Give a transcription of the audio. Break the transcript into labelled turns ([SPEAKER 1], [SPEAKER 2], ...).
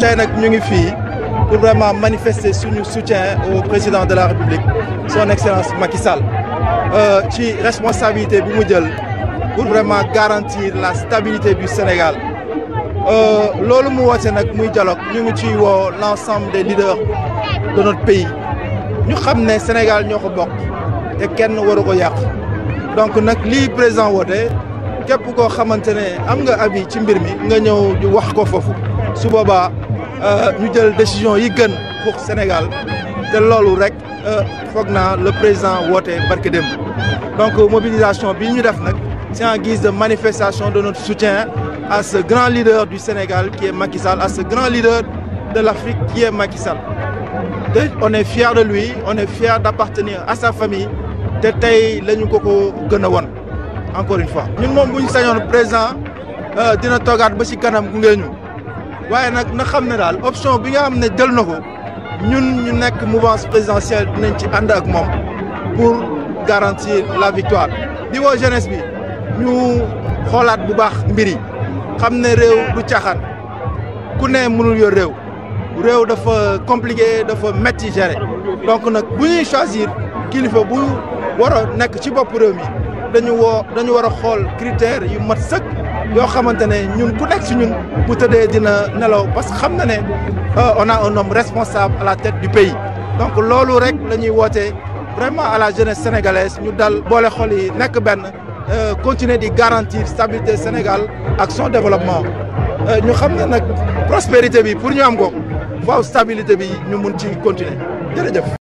[SPEAKER 1] tey nag ñu ngi fi pour vraiment manifester suñu soutien au président de la République son excellence Macky Sall euh, ci responsabilité bi mu jël pour vraiment garantir la stabilité du Sénégal euh, lolu mu woote nak muy dialogue ñu ngi ci wo l'ensemble des leaders de notre pays ñu xamné le Sénégal ñoko bok té kenn waru ko yàq donc nak li président woote képp ko xamante am nga abi ci mbir mi nga ñëw wax ko fofu su boobaa euh, ñu décision yi pour Sénégal C'est que euh, le président Donc, donc euh, mobilisation c'est en guise de manifestation de notre soutien à ce grand leader du Sénégal qui est Macky Sall à ce grand leader de l'Afrique qui est Macky Sall on est fiers de lui on est fiers d'appartenir à sa famille te encore une fois Nous sommes présents, ñu président waaye nag na xam ne daal option bi nga xam ne jël na ko ñun ñu nekk mouvance présidentielle dinañ ci ànd ak moom pour garantir la victoire di woo jeunesse bi ñu xoolaat bu baax mbir yi xam ne réew du caaxaan ku ne mënul yor réew réew dafa compliqué dafa métti gérer donc nag bu ñuy choisir kilifa bu war a nekk ci bopp réew mi dañu avons dañu critère critère, critères yu mat sëkk yo xamantene ñun ku nekk ci ñun bu dina nelaw parce que xamna né euh, on a un homme responsable à la tête du pays donc lolu rek nous woté vraiment à la jeunesse sénégalaise ñu dal xol yi euh, continuer de garantir stabilité Sénégal ak son développement euh, ñu xam nak prospérité bi pour ñu am ko stabilité bi ñu ci continuer